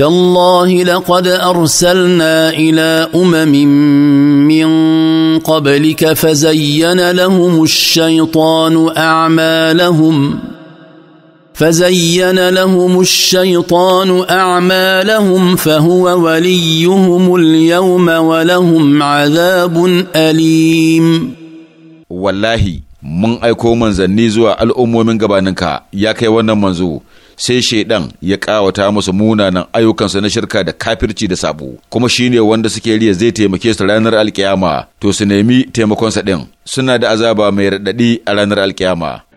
تالله لقد ارسلنا الى امم من قبلك فزين لهم الشيطان اعمالهم فزين لهم الشيطان اعمالهم فهو وليهم اليوم ولهم عذاب اليم والله mun aiko manzanni zuwa al'ummomin gabaninka ya kai wannan manzo sai shaidan ya kawata musu munanan ayyukansa na shirka da kafirci da sabo kuma shine wanda suke riya zai taimake su ranar alkiyama to su nemi taimakonsa ɗin suna da azaba mai raɗaɗi a ranar alkiyama